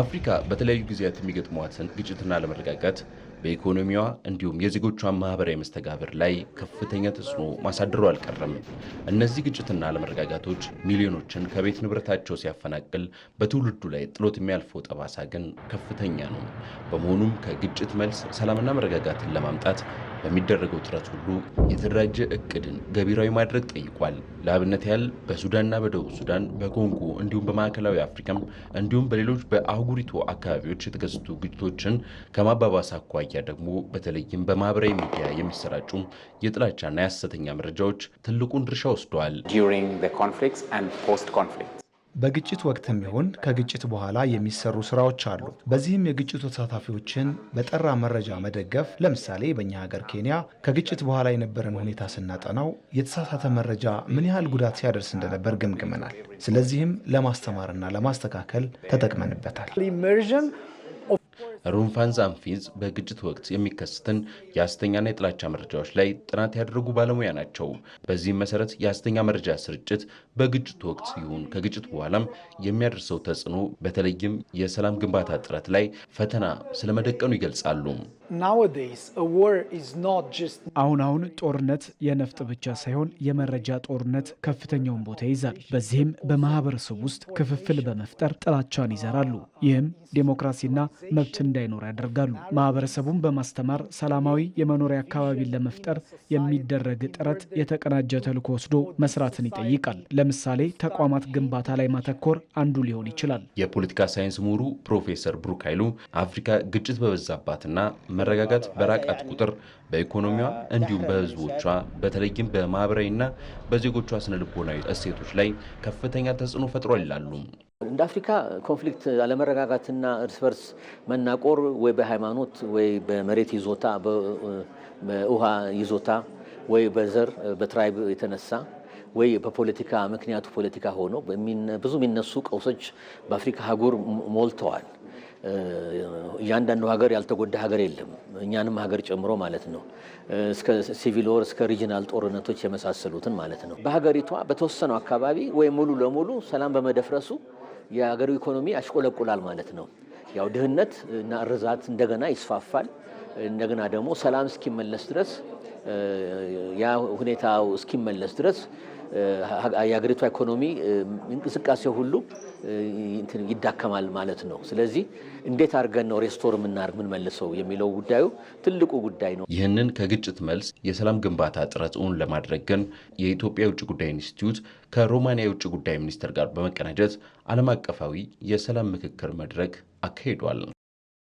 አፍሪካ በተለያዩ ጊዜያት የሚገጥሟትን ግጭትና አለመረጋጋት በኢኮኖሚዋ እንዲሁም የዜጎቿን ማህበራዊ መስተጋብር ላይ ከፍተኛ ተጽዕኖ ማሳደሩ አልቀረም። እነዚህ ግጭትና አለመረጋጋቶች ሚሊዮኖችን ከቤት ንብረታቸው ሲያፈናቅል፣ በትውልዱ ላይ ጥሎት የሚያልፈው ጠባሳ ግን ከፍተኛ ነው። በመሆኑም ከግጭት መልስ ሰላምና መረጋጋትን ለማምጣት በሚደረገው ጥረት ሁሉ የተደራጀ እቅድን ገቢራዊ ማድረግ ጠይቋል። ለአብነት ያህል በሱዳንና በደቡብ ሱዳን፣ በኮንጎ እንዲሁም በማዕከላዊ አፍሪካም እንዲሁም በሌሎች በአህጉሪቱ አካባቢዎች የተከሰቱ ግጭቶችን ከማባባስ አኳያ ደግሞ በተለይም በማህበራዊ ሚዲያ የሚሰራጩ የጥላቻና የሐሰተኛ መረጃዎች ትልቁን ድርሻ ወስደዋል። በግጭት ወቅትም ይሁን ከግጭት በኋላ የሚሰሩ ስራዎች አሉ። በዚህም የግጭቱ ተሳታፊዎችን በጠራ መረጃ መደገፍ። ለምሳሌ በእኛ ሀገር ኬንያ ከግጭት በኋላ የነበረን ሁኔታ ስናጠናው የተሳሳተ መረጃ ምን ያህል ጉዳት ሲያደርስ እንደነበር ግምግመናል ስለዚህም ለማስተማርና ለማስተካከል ተጠቅመንበታል። ሩንፋንዛን ፊዝ በግጭት ወቅት የሚከሰትን የአስተኛና የጥላቻ መረጃዎች ላይ ጥናት ያደረጉ ባለሙያ ናቸው። በዚህም መሰረት የአስተኛ መረጃ ስርጭት በግጭት ወቅት ይሁን ከግጭት በኋላም የሚያደርሰው ተጽዕኖ በተለይም የሰላም ግንባታ ጥረት ላይ ፈተና ስለመደቀኑ ይገልጻሉ። አሁን አሁን ጦርነት የነፍጥ ብቻ ሳይሆን የመረጃ ጦርነት ከፍተኛውን ቦታ ይዛል በዚህም በማህበረሰብ ውስጥ ክፍፍል በመፍጠር ጥላቻን ይዘራሉ። ይህም ዴሞክራሲና መብትን እንዳይኖር ያደርጋሉ። ማህበረሰቡን በማስተማር ሰላማዊ የመኖሪያ አካባቢን ለመፍጠር የሚደረግ ጥረት የተቀናጀ ተልዕኮ ወስዶ መስራትን ይጠይቃል። ለምሳሌ ተቋማት ግንባታ ላይ ማተኮር አንዱ ሊሆን ይችላል። የፖለቲካ ሳይንስ ምሁሩ ፕሮፌሰር ብሩክ ኃይሉ አፍሪካ ግጭት በበዛባትና መረጋጋት በራቃት ቁጥር በኢኮኖሚዋ እንዲሁም በህዝቦቿ በተለይም በማህበራዊና በዜጎቿ ስነልቦናዊ እሴቶች ላይ ከፍተኛ ተጽዕኖ ፈጥሯል ይላሉ። እንደ አፍሪካ ኮንፍሊክት አለመረጋጋትና እርስ በርስ መናቆር ወይ በሃይማኖት ወይ በመሬት ይዞታ በውሃ ይዞታ ወይ በዘር በትራይብ የተነሳ ወይ በፖለቲካ ምክንያቱ ፖለቲካ ሆኖ ብዙ የሚነሱ ቀውሶች በአፍሪካ ሀጉር ሞልተዋል። እያንዳንዱ ሀገር ያልተጎዳ ሀገር የለም፣ እኛንም ሀገር ጨምሮ ማለት ነው። እስከ ሲቪል ወር እስከ ሪጂናል ጦርነቶች የመሳሰሉትን ማለት ነው። በሀገሪቷ በተወሰነው አካባቢ ወይ ሙሉ ለሙሉ ሰላም በመደፍረሱ የአገሩ ኢኮኖሚ ያሽቆለቁላል ማለት ነው። ያው ድህነት እና ርዛት እንደገና ይስፋፋል። እንደገና ደግሞ ሰላም እስኪመለስ ድረስ ያ ሁኔታው እስኪመለስ ድረስ የሀገሪቷ ኢኮኖሚ እንቅስቃሴ ሁሉ ይዳከማል ማለት ነው። ስለዚህ እንዴት አድርገን ነው ሬስቶር የምናደርግ ምን መልሰው የሚለው ጉዳዩ ትልቁ ጉዳይ ነው። ይህንን ከግጭት መልስ የሰላም ግንባታ ጥረት እውን ለማድረግ ግን የኢትዮጵያ የውጭ ጉዳይ ኢንስቲትዩት ከሮማንያ የውጭ ጉዳይ ሚኒስትር ጋር በመቀናጀት ዓለም አቀፋዊ የሰላም ምክክር መድረክ አካሂዷል።